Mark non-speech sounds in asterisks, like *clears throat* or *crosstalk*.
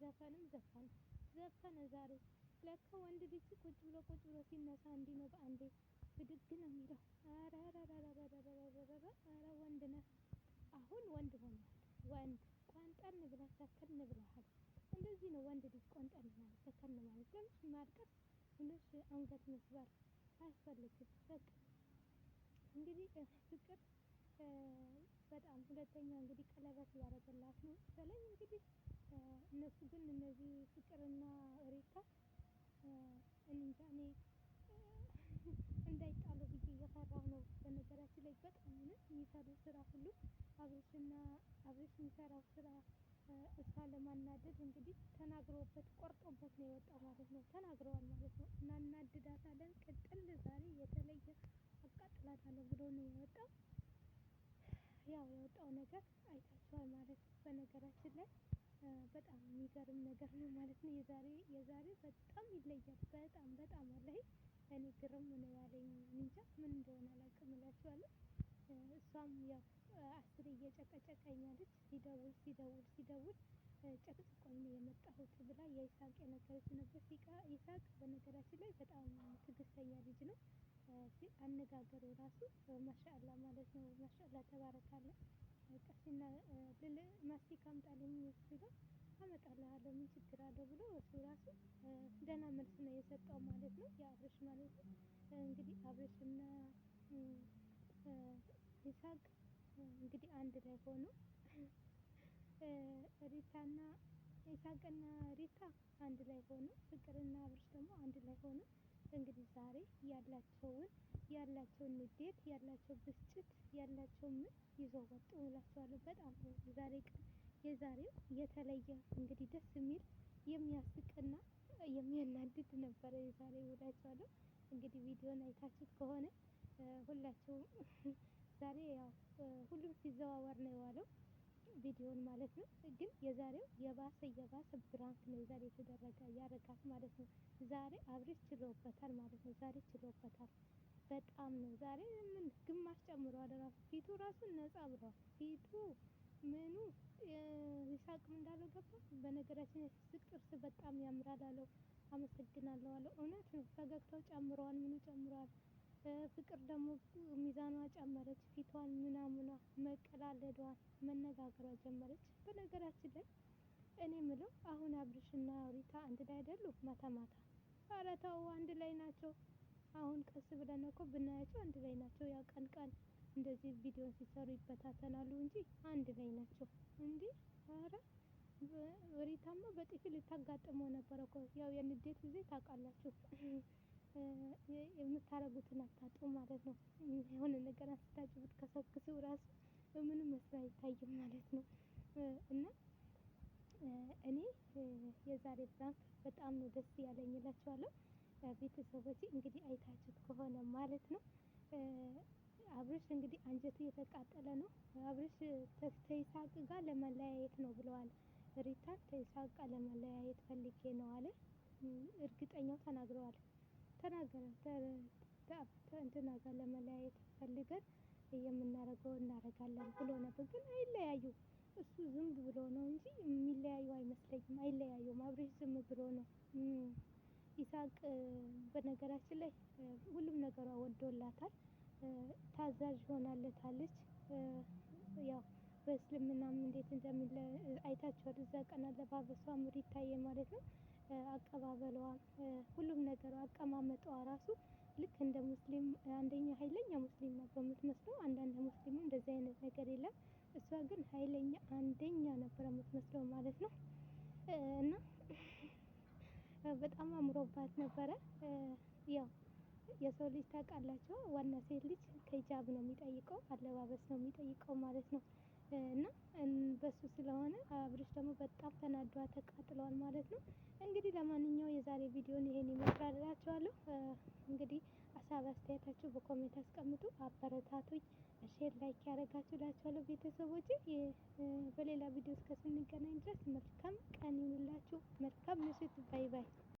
ዘፈንም ዘፈን ዘፈን ዛሬ ለካ ወንድ ልጅ ቁጭ ብሎ ቁጭ ብሎ ሲነሳ እንዲህ ነው በአንዴ ብድግ ነው የሚለው። ኧረ ወንድ ነህ አሁን ወንድ ሆኗል። ወንድ ቆንጠን ብለህ ሰከን ብለሃል። እንደዚህ ነው ወንድ ልጅ ቆንጠን ማለት ሰከን ማለት። ትንሽ ማርቀስ ትንሽ አንገት መስበር አያስፈልግም። በቃ እንግዲህ ፍቅር በጣም ሁለተኛ እንግዲህ ቀለበት እያደረገላት ነው መሰለኝ እንግዲህ እነሱ ግን እነዚህ ፍቅርና ሪታ እንጃ እኔ እንዳይጣሉ ብዬ እየፈራሁ ነው። በነገራችን ላይ በጣም የሚሰሩ ስራ ሁሉ አብሬሽና አብሬሽ የሚሰራው ስራ እሷ ለማናደድ እንግዲህ ተናግሮበት ቆርጦበት ነው የወጣው ማለት ነው። ተናግረዋል ማለት ነው። እናናድዳታለን ቅጥል ዛሬ የተለየ አቃጥላታለሁ ብሎ ነው የወጣው። ያው የወጣው ነገር አይታችኋል ማለት ነው። በነገራችን ላይ በጣም የሚገርም ነገር ነው ማለት ነው። የዛሬ የዛሬ በጣም ይለያል። በጣም በጣም አለኝ እኔ ግርም ነው ያለኝ። እንጃ ምን እንደሆነ አላውቅም እላችኋለሁ። እሷም ያው አስሬ እየጨቀጨቀኝ ሲደውል ሲደውል ሲደውል ጨቅጭቆኝ ነው የመጣሁት ብላ የይሳቅ የነገረች ነበር። ይሳቅ በነገራችን ላይ በጣም ትግስተኛ ልጅ ነው። አነጋገሩ ራሱ ማሻአላ ማለት ነው። ማሻአላ ተባረካለ ቀሲና ማስቲካ አምጣልኝ ሲለው አመጣልሃለሁ ምን ችግር አለው ብሎ እሱ ራሱ ደህና መልስ ነው የሰጠው ማለት ነው። የአብረሽ ማለት ነው እንግዲህ አብረሽና ይሳቅ እንግዲህ አንድ ላይ ሆኖ ሪታና ይሳቅና ሪታ አንድ ላይ ሆኑ። ፍቅርና አብረሽ ደግሞ አንድ ላይ ሆኑ። እንግዲህ ዛሬ ያላቸውን ያላቸው ንዴት ያላቸው ብስጭት ያላቸው ምን ይዘው ወጡ እላቸዋለሁ። በጣም የዛሬ ቀን የዛሬው የተለየ እንግዲህ ደስ የሚል የሚያስቅና የሚያናድድ ነበረ የዛሬ ውላቸዋለሁ። እንግዲህ ቪዲዮን አይታችሁት ከሆነ ሁላችሁም *laughs* ዛሬ ያው ሁሉም ሲዘዋወር ነው የዋለው ቪዲዮን ማለት ነው። ግን የዛሬው የባሰ የባሰ ብራንክ ነው የዛሬ የተደረገ ያረጋት ማለት ነው። ዛሬ አብሬሽ ችሎበታል ማለት ነው። ዛሬ ችሎበታል በጣም ነው ዛሬ ምን ግማሽ ጨምሯል። ራሱ ፊቱ ራሱ ነጻ ብሏል። ፊቱ ምኑ ይሳቅም እንዳለው ገባ። በነገራችን የስስቅ ጥርስ በጣም ያምራል አለው። አመሰግናለሁ አለው። እውነት ነው። ፈገግታው ጨምሯል፣ ምኑ ጨምሯል። ፍቅር ደግሞ ሚዛኗ ጨመረች። ፊቷን ምናምኗ መቀላለዷን መነጋገሯ ጀመረች። በነገራችን ላይ እኔ ምለው አሁን አብርሽና ሪታ አንድ ላይ አይደሉ? ማታ ማታ ተው አንድ ላይ ናቸው አሁን ብለን እኮ ብናያቸው አንድ ላይ ናቸው። ያው ቀን ቀን እንደዚህ ቪዲዮ ሲሰሩ ይበታተናሉ እንጂ አንድ ላይ ናቸው። እንዲ ኧረ ሪታማ በጥፊ ልታጋጥመው ነበረ እኮ። ያው የንዴት ጊዜ ታውቃላችሁ፣ *clears throat* የምታረጉትን አታጡ ማለት ነው። የሆነ ነገር አንስታችሁ ብትከሰክሱ ራሱ ምንም መስሪያ አይታይም ማለት ነው እና እኔ የዛሬ ፕራንክ በጣም ነው ደስ ያለኝ እላችኋለሁ። ቤተሰቦች እንግዲህ አይታችሁት ከሆነ ማለት ነው። አብርሽ እንግዲህ አንጀቱ እየተቃጠለ ነው። አብርሽ ከይስሐቅ ጋር ለመለያየት ነው ብለዋል። ሪታን ከይስሐቅ ጋር ለመለያየት ፈልጌ ነው አለ። እርግጠኛው ተናግረዋል። ተናገረ እንትና ጋር ለመለያየት ፈልገን የምናደርገው እናደርጋለን ብሎ ነበር። ግን አይለያዩ እሱ ዝም ብሎ ነው እንጂ የሚለያዩ አይመስለኝም። አይለያዩም። አብርሽ ዝም ብሎ ነው ይሳቅ በነገራችን ላይ ሁሉም ነገሯ ወዶላታል። ታዛዥ ሆናለታለች። ያው በእስልምናም እንዴት እንደሚለ አይታችኋል። እዛ ቀን አለባበሷ ምር ይታየ ማለት ነው። አቀባበሏ፣ ሁሉም ነገሯ፣ አቀማመጧ ራሱ ልክ እንደ ሙስሊም አንደኛ ኃይለኛ ሙስሊም ነበር የምትመስለው። አንዳንድ ሙስሊሙ እንደዚህ አይነት ነገር የለም። እሷ ግን ኃይለኛ አንደኛ ነበረ የምትመስለው ማለት ነው እና በጣም አምሮባት ነበረ። ያው የሰው ልጅ ታውቃላችሁ፣ ዋና ሴት ልጅ ከሂጃብ ነው የሚጠይቀው፣ አለባበስ ነው የሚጠይቀው ማለት ነው። እና በሱ ስለሆነ አብርሽ ደግሞ በጣም ተናዷ ተቃጥሏል ማለት ነው። እንግዲህ ለማንኛው የዛሬ ቪዲዮን ይሄን ይመስላል እላችኋለሁ። እንግዲህ ሀሳብ አስተያየታችሁ በኮሜንት አስቀምጡ፣ አበረታቱኝ። ሼር ላይክ ያደረጋችሁ እላችኋለሁ ቤተሰቦች። በሌላ ቪዲዮ እስከ ስንገናኝ ድረስ መልካም ቀን ይሁንላችሁ። መልካም ምሽት። ባይ ባይ።